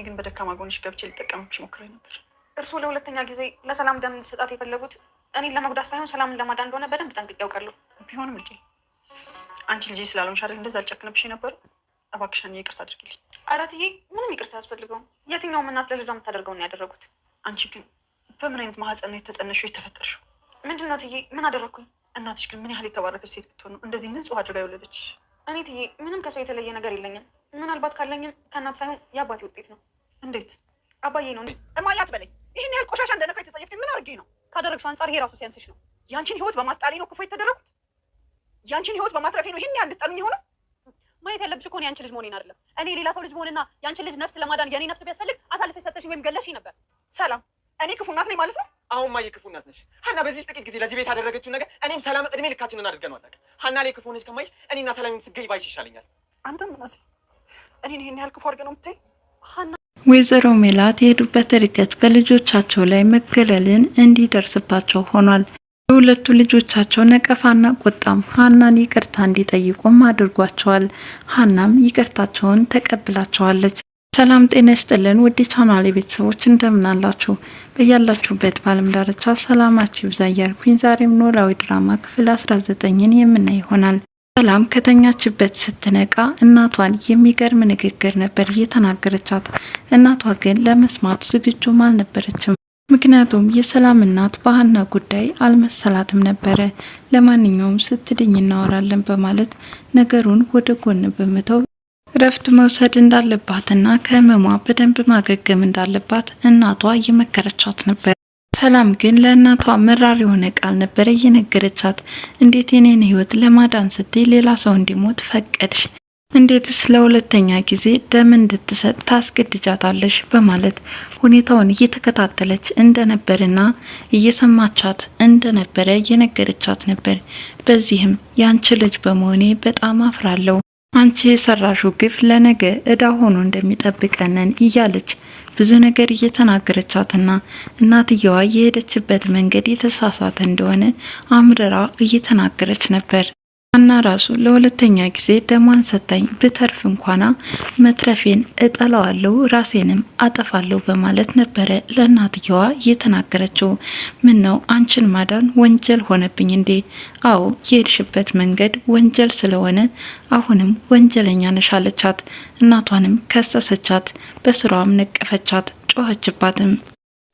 እኔ ግን በደካማ ጎንሽ ገብቼ ሊጠቀምብሽ ሞክሬ ነበር። እርስዎ ለሁለተኛ ጊዜ ለሰላም ደም እንድሰጣት የፈለጉት እኔን ለመጉዳት ሳይሆን ሰላምን ለማዳ እንደሆነ በደንብ ጠንቅቄ ያውቃሉ። ቢሆንም ልጄ አንቺ ልጅ ስላለሆንሽ አይደል እንደዛ አልጨክንብሽ የነበረው። እባክሽ አንዬ ይቅርታ አድርጊልኝ። ኧረ ምንም ይቅርታ አያስፈልገውም። የትኛውም እናት ለልጇ የምታደርገው ነው ያደረጉት። አንቺ ግን በምን አይነት ማህፀን ነው የተጸነሹ የተፈጠርሽው? ምንድን ነው ትዬ ምን አደረግኩኝ? እናትሽ ግን ምን ያህል የተባረከች ሴት ብትሆን ነው እንደዚህ ንጹህ አድርጋ የወለደች? እኔ ትዬ ምንም ከሰው የተለየ ነገር የለኝም። ምናልባት ካለኝም ከእናት ሳይሆን የአባቴ ውጤት ነው። እንዴት አባዬ ነው እማያት በለኝ። ይህን ያህል ቆሻሻ እንደነካ የተጸየፍ ምን አድርጌ ነው? ካደረግሽው አንጻር ይሄ ራሱ ሲያንስሽ ነው። ያንቺን ህይወት በማስጣሌ ነው ክፉ የተደረጉት። ያንቺን ህይወት በማትረፌ ነው ይህን ያህል እንድትጠሉኝ የሆነው። ማየት ያለብሽ እኮ ያንቺ ልጅ መሆኔን አይደለም። እኔ ሌላ ሰው ልጅ መሆንና ያንቺን ልጅ ነፍስ ለማዳን የኔ ነፍስ ቢያስፈልግ አሳልፈሽ ሰጠሽኝ ወይም ገለሽኝ ነበር። ሰላም እኔ ክፉ እናት ነኝ ማለት ነው? አሁን ማየ ክፉ እናት ነሽ ሀና። በዚህ ጥቂት ጊዜ ለዚህ ቤት ያደረገችው ነገር እኔም ሰላም እድሜ ልካችንን አድርገን ዋላቅ ሀና ላይ ክፉ ነች ከማይሽ እኔና ሰላም ስገይ ባይሽ ይሻለኛል። አንተም ምናሴ እኔን ይሄን ያህል ክፉ አድርገህ ነው የምታይ? ወይዘሮ ሜላት የሄዱበት ርቀት በልጆቻቸው ላይ መገለልን እንዲደርስባቸው ሆኗል። የሁለቱ ልጆቻቸው ነቀፋና ቁጣም ሀናን ይቅርታ እንዲጠይቁም አድርጓቸዋል። ሀናም ይቅርታቸውን ተቀብላቸዋለች። ሰላም ጤና ይስጥልን ውድ የቻናሌ ቤተሰቦች እንደምናላችሁ በያላችሁበት በዓለም ዳርቻ ሰላማችሁ ይብዛ እያልኩኝ ዛሬም ኖላዊ ድራማ ክፍል 19 ን የምናይ ይሆናል። ሰላም ከተኛችበት ስትነቃ እናቷን የሚገርም ንግግር ነበር እየተናገረቻት። እናቷ ግን ለመስማት ዝግጁም አልነበረችም። ምክንያቱም የሰላም እናት ባህና ጉዳይ አልመሰላትም ነበረ። ለማንኛውም ስትድኝ እናወራለን በማለት ነገሩን ወደ ጎን በመተው እረፍት መውሰድ እንዳለባትና ከህመሟ በደንብ ማገገም እንዳለባት እናቷ እየመከረቻት ነበር። ሰላም ግን ለእናቷ መራር የሆነ ቃል ነበር እየነገረቻት። እንዴት የኔን ህይወት ለማዳን ስትይ ሌላ ሰው እንዲሞት ፈቀድሽ? እንዴትስ ለሁለተኛ ጊዜ ደም እንድትሰጥ ታስገድጃታለሽ? በማለት ሁኔታውን እየተከታተለች እንደነበርና እየሰማቻት እንደነበረ እየነገረቻት ነበር። በዚህም ያንቺ ልጅ በመሆኔ በጣም አፍራለሁ አንቺ የሰራሹ ግፍ ለነገ እዳ ሆኖ እንደሚጠብቀንን እያለች ብዙ ነገር እየተናገረቻትና እናትየዋ የሄደችበት መንገድ የተሳሳተ እንደሆነ አምርራ እየተናገረች ነበር። አና ራሱ ለሁለተኛ ጊዜ ደሟን ሰታኝ ብተርፍ እንኳና መትረፌን እጠላዋለሁ ራሴንም አጠፋለሁ በማለት ነበረ ለእናትየዋ የተናገረችው። ምን ነው አንቺን ማዳን ወንጀል ሆነብኝ እንዴ? አዎ የሄድሽበት መንገድ ወንጀል ስለሆነ አሁንም ወንጀለኛ ነሽ አለቻት። እናቷንም ከሰሰቻት፣ በስራዋም ነቀፈቻት፣ ጮኸችባትም።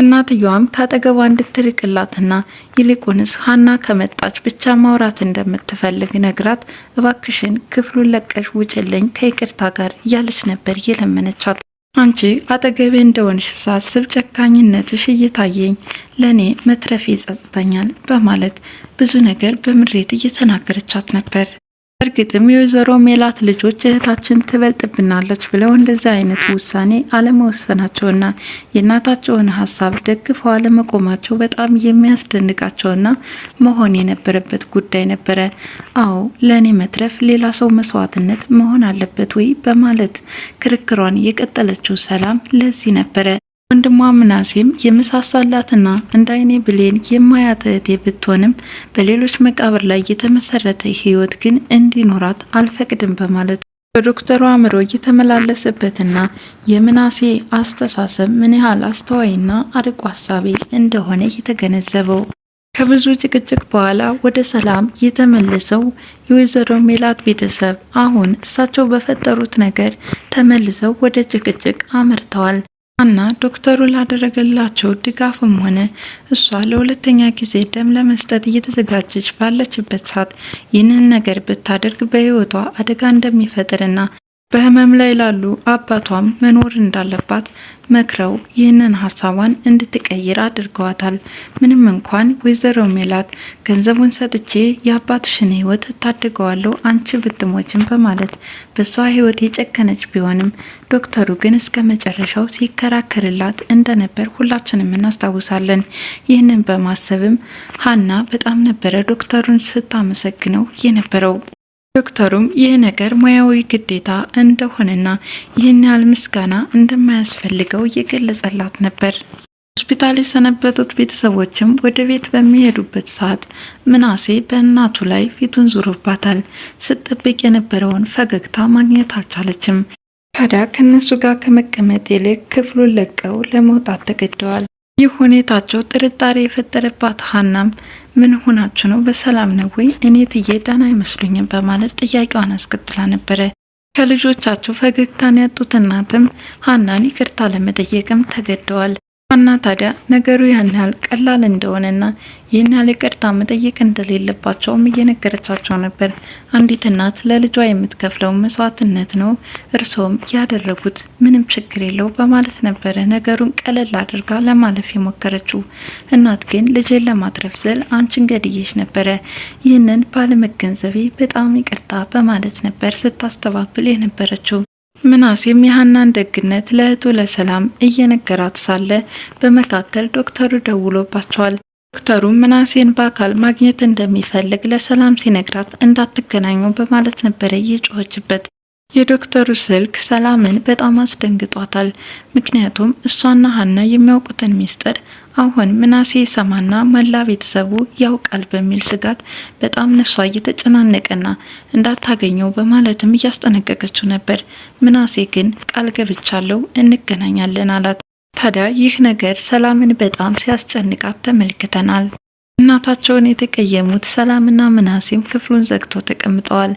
እናትየዋም ከአጠገቧ እንድትርቅላትና ይልቁንስ ሀና ከመጣች ብቻ ማውራት እንደምትፈልግ ነግራት እባክሽን ክፍሉን ለቀሽ ውጭልኝ ከይቅርታ ጋር እያለች ነበር የለመነቻት። አንቺ አጠገቤ እንደሆንሽ ሳስብ ጨካኝነትሽ እየታየኝ ለእኔ መትረፌ ይጸጽተኛል በማለት ብዙ ነገር በምሬት እየተናገረቻት ነበር። እርግጥም የወይዘሮ ሜላት ልጆች እህታችን ትበልጥብናለች ብለው እንደዚህ አይነት ውሳኔ አለመወሰናቸውና የእናታቸውን ሀሳብ ደግፈው አለመቆማቸው በጣም የሚያስደንቃቸውና መሆን የነበረበት ጉዳይ ነበረ። አዎ ለእኔ መትረፍ ሌላ ሰው መስዋዕትነት መሆን አለበት ወይ በማለት ክርክሯን የቀጠለችው ሰላም ለዚህ ነበረ። ወንድሟ ምናሴም የመሳሳላትና እንደ አይኔ ብሌን የማያት እህቴ ብትሆንም በሌሎች መቃብር ላይ የተመሰረተ ህይወት ግን እንዲኖራት አልፈቅድም በማለት በዶክተሩ አእምሮ የተመላለሰበትና የምናሴ አስተሳሰብ ምን ያህል አስተዋይና አርቆ ሀሳቢ እንደሆነ የተገነዘበው ከብዙ ጭቅጭቅ በኋላ ወደ ሰላም የተመለሰው የወይዘሮ ሜላት ቤተሰብ አሁን እሳቸው በፈጠሩት ነገር ተመልሰው ወደ ጭቅጭቅ አምርተዋል። አና ዶክተሩ ላደረገላቸው ድጋፍም ሆነ እሷ ለሁለተኛ ጊዜ ደም ለመስጠት እየተዘጋጀች ባለችበት ሰዓት ይህንን ነገር ብታደርግ በህይወቷ አደጋ እንደሚፈጥርና በህመም ላይ ላሉ አባቷም መኖር እንዳለባት መክረው ይህንን ሀሳቧን እንድትቀይር አድርገዋታል። ምንም እንኳን ወይዘሮ ሜላት ገንዘቡን ሰጥቼ የአባትሽን ህይወት ታድገዋለሁ አንቺ ብትሞችም በማለት በሷ ህይወት የጨከነች ቢሆንም ዶክተሩ ግን እስከ መጨረሻው ሲከራከርላት እንደነበር ሁላችንም እናስታውሳለን። ይህንን በማሰብም ሀና በጣም ነበረ ዶክተሩን ስታመሰግነው የነበረው። ዶክተሩም ይህ ነገር ሙያዊ ግዴታ እንደሆነና ይህን ያህል ምስጋና እንደማያስፈልገው እየገለጸላት ነበር። ሆስፒታል የሰነበቱት ቤተሰቦችም ወደ ቤት በሚሄዱበት ሰዓት ምናሴ በእናቱ ላይ ፊቱን ዙሮባታል። ስጠብቅ የነበረውን ፈገግታ ማግኘት አልቻለችም። ታዲያ ከእነሱ ጋር ከመቀመጥ ይልቅ ክፍሉን ለቀው ለመውጣት ተገደዋል። ይህ ሁኔታቸው ጥርጣሬ የፈጠረባት ሀናም ምን ሆናችሁ ነው? በሰላም ነው ወይ? እኔ ትዬ ደህና አይመስሉኝም በማለት ጥያቄዋን አስከትላ ነበረ። ከልጆቻቸው ፈገግታን ያጡት እናትም ሀናን ይቅርታ ለመጠየቅም ተገደዋል። እና ታዲያ ነገሩ ያን ያህል ቀላል እንደሆነና ይህን ያህል ይቅርታ መጠየቅ እንደሌለባቸውም እየነገረቻቸው ነበር። አንዲት እናት ለልጇ የምትከፍለው መስዋዕትነት ነው፣ እርስዎም ያደረጉት ምንም ችግር የለው በማለት ነበረ ነገሩን ቀለል አድርጋ ለማለፍ የሞከረችው። እናት ግን ልጄን ለማትረፍ ስል አንቺን ገድዬሽ ነበረ፣ ይህንን ባለመገንዘቤ በጣም ይቅርታ በማለት ነበር ስታስተባብል የነበረችው። ምናሴም የሀናን ደግነት ለእህቱ ለሰላም እየነገራት ሳለ በመካከል ዶክተሩ ደውሎባቸዋል። ዶክተሩ ምናሴን በአካል ማግኘት እንደሚፈልግ ለሰላም ሲነግራት እንዳትገናኙ በማለት ነበረ የጮኸችበት። የዶክተሩ ስልክ ሰላምን በጣም አስደንግጧታል። ምክንያቱም እሷና ሀና የሚያውቁትን ሚስጥር አሁን ምናሴ ሰማና መላ ቤተሰቡ ያውቃል በሚል ስጋት በጣም ነፍሷ እየተጨናነቀና እንዳታገኘው በማለትም እያስጠነቀቀችው ነበር። ምናሴ ግን ቃል ገብቻለሁ እንገናኛለን አላት። ታዲያ ይህ ነገር ሰላምን በጣም ሲያስጨንቃት ተመልክተናል። እናታቸውን የተቀየሙት ሰላምና ምናሴም ክፍሉን ዘግተው ተቀምጠዋል።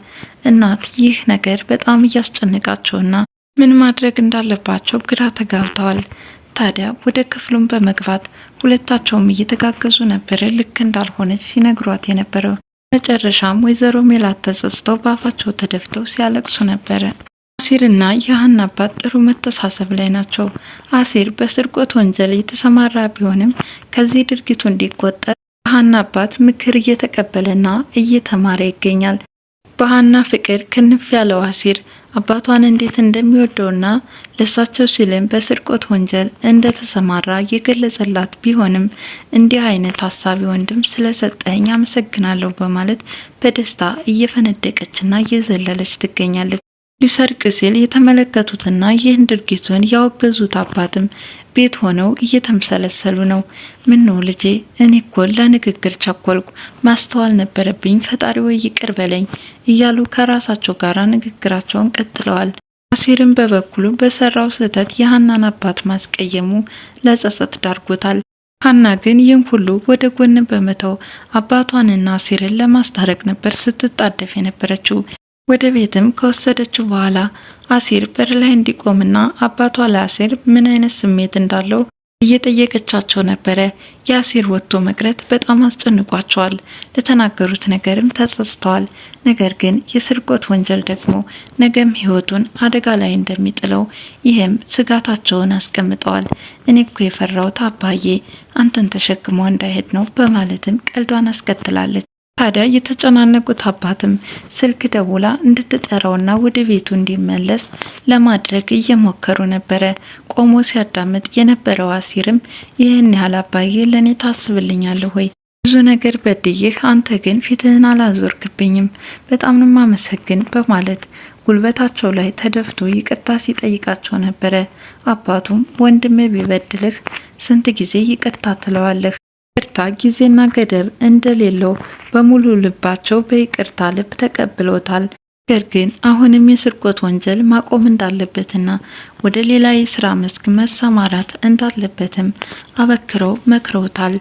እናት ይህ ነገር በጣም እያስጨነቃቸውና ምን ማድረግ እንዳለባቸው ግራ ተጋብተዋል። ታዲያ ወደ ክፍሉን በመግባት ሁለታቸውም እየተጋገዙ ነበረ ልክ እንዳልሆነች ሲነግሯት የነበረው። መጨረሻም ወይዘሮ ሜላት ተጸጽተው በአፋቸው ተደፍተው ሲያለቅሱ ነበረ። አሲርና የሀና አባት ጥሩ መተሳሰብ ላይ ናቸው። አሲር በስርቆት ወንጀል የተሰማራ ቢሆንም ከዚህ ድርጊቱ እንዲቆጠር ። ከሀና አባት ምክር እየተቀበለና እየተማረ ይገኛል። በሀና ፍቅር ክንፍ ያለው አሲር አባቷን እንዴት እንደሚወደውና ለሳቸው ሲልም በስርቆት ወንጀል እንደተሰማራ የገለጸላት ቢሆንም እንዲህ አይነት ሀሳቢ ወንድም ስለሰጠኝ አመሰግናለሁ በማለት በደስታ እየፈነደቀችና እየዘለለች ትገኛለች። ሊሰርቅ ሲል የተመለከቱትና ይህን ድርጊቱን ያወገዙት አባትም ቤት ሆነው እየተምሰለሰሉ ነው። ምን ነው ልጄ፣ እኔ እኮ ለንግግር ቸኮልኩ፣ ማስተዋል ነበረብኝ፣ ፈጣሪ ወይ ይቅር በለኝ እያሉ ከራሳቸው ጋር ንግግራቸውን ቀጥለዋል። አሴርም በበኩሉ በሰራው ስህተት የሀናን አባት ማስቀየሙ ለጸጸት ዳርጎታል። ሀና ግን ይህን ሁሉ ወደ ጎን በመተው አባቷንና አሴርን ለማስታረቅ ነበር ስትጣደፍ የነበረችው። ወደ ቤትም ከወሰደችው በኋላ አሲር በር ላይ እንዲቆምና አባቷ ለአሲር ምን አይነት ስሜት እንዳለው እየጠየቀቻቸው ነበረ። የአሲር ወጥቶ መቅረት በጣም አስጨንቋቸዋል። ለተናገሩት ነገርም ተጸጽተዋል። ነገር ግን የስርቆት ወንጀል ደግሞ ነገም ሕይወቱን አደጋ ላይ እንደሚጥለው ይህም ስጋታቸውን አስቀምጠዋል። እኔ እኮ የፈራሁት አባዬ አንተን ተሸክሞ እንዳይሄድ ነው በማለትም ቀልዷን አስከትላለች። ታዲያ የተጨናነቁት አባትም ስልክ ደውላ እንድትጠራውና ወደ ቤቱ እንዲመለስ ለማድረግ እየሞከሩ ነበረ። ቆሞ ሲያዳምጥ የነበረው አሲርም ይህን ያህል አባዬ ለእኔ ታስብልኛለህ ወይ? ብዙ ነገር በድዬህ፣ አንተ ግን ፊትህን አላዞርክብኝም፣ በጣም ነው የማመሰግን በማለት ጉልበታቸው ላይ ተደፍቶ ይቅርታ ሲጠይቃቸው ነበረ። አባቱም ወንድም ቢበድልህ ስንት ጊዜ ይቅርታ ትለዋለህ ይቅርታ ጊዜና ገደብ እንደሌለው በሙሉ ልባቸው በይቅርታ ልብ ተቀብለውታል። ነገር ግን አሁንም የስርቆት ወንጀል ማቆም እንዳለበትና ወደ ሌላ የስራ መስክ መሰማራት እንዳለበትም አበክረው መክረውታል።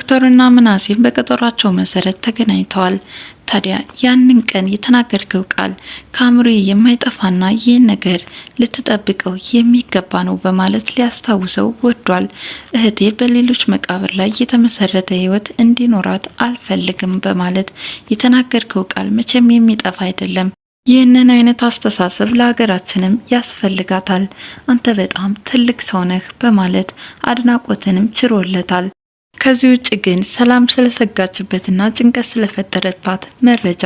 ዶክተርና ምናሴም በቀጠሯቸው መሰረት ተገናኝተዋል። ታዲያ ያንን ቀን የተናገርከው ቃል ከአእምሮ የማይጠፋና ይህ ነገር ልትጠብቀው የሚገባ ነው በማለት ሊያስታውሰው ወዷል። እህቴ በሌሎች መቃብር ላይ የተመሰረተ ህይወት እንዲኖራት አልፈልግም በማለት የተናገርከው ቃል መቼም የሚጠፋ አይደለም። ይህንን አይነት አስተሳሰብ ለሀገራችንም ያስፈልጋታል። አንተ በጣም ትልቅ ሰው ነህ በማለት አድናቆትንም ችሮለታል። ከዚህ ውጭ ግን ሰላም ስለሰጋችበትና ጭንቀት ስለፈጠረባት መረጃ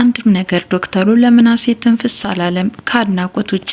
አንድም ነገር ዶክተሩ ለምናሴ ትንፍስ አላለም ከአድናቆት ውጪ።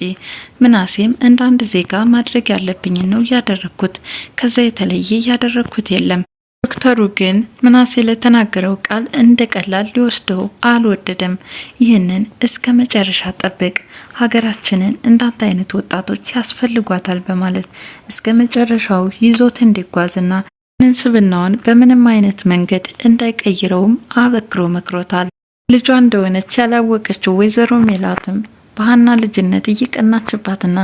ምናሴም እንደ አንድ ዜጋ ማድረግ ያለብኝን ነው ያደረግኩት፣ ከዛ የተለየ ያደረግኩት የለም። ዶክተሩ ግን ምናሴ ለተናገረው ቃል እንደ ቀላል ሊወስደው አልወደደም። ይህንን እስከ መጨረሻ ጠብቅ፣ ሀገራችንን እንዳንተ አይነት ወጣቶች ያስፈልጓታል በማለት እስከ መጨረሻው ይዞት እንዲጓዝና ምንስብናውን በምንም አይነት መንገድ እንዳይቀይረውም አበክሮ መክሮታል። ልጇ እንደሆነች ያላወቀችው ወይዘሮ ሜላትም በሀና ልጅነት እየቀናችባትና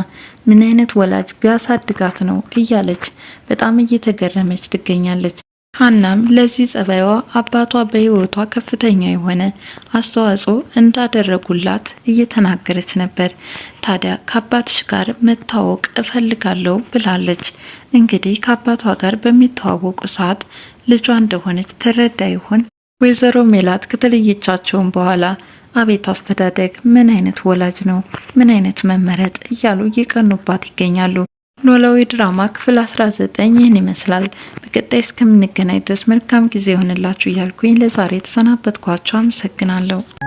ምን አይነት ወላጅ ቢያሳድጋት ነው እያለች በጣም እየተገረመች ትገኛለች። ሀናም ለዚህ ጸባይዋ አባቷ በሕይወቷ ከፍተኛ የሆነ አስተዋጽኦ እንዳደረጉላት እየተናገረች ነበር። ታዲያ ከአባትሽ ጋር መታወቅ እፈልጋለሁ ብላለች። እንግዲህ ከአባቷ ጋር በሚተዋወቁ ሰዓት ልጇ እንደሆነች ትረዳ ይሆን? ወይዘሮ ሜላት ከተለየቻቸውን በኋላ አቤት አስተዳደግ! ምን አይነት ወላጅ ነው! ምን አይነት መመረጥ! እያሉ እየቀኑባት ይገኛሉ። ኖላዊ ድራማ ክፍል 19 ይህን ይመስላል። በቀጣይ እስከምንገናኝ ድረስ መልካም ጊዜ የሆንላችሁ እያልኩኝ ለዛሬ የተሰናበትኳቸው አመሰግናለሁ።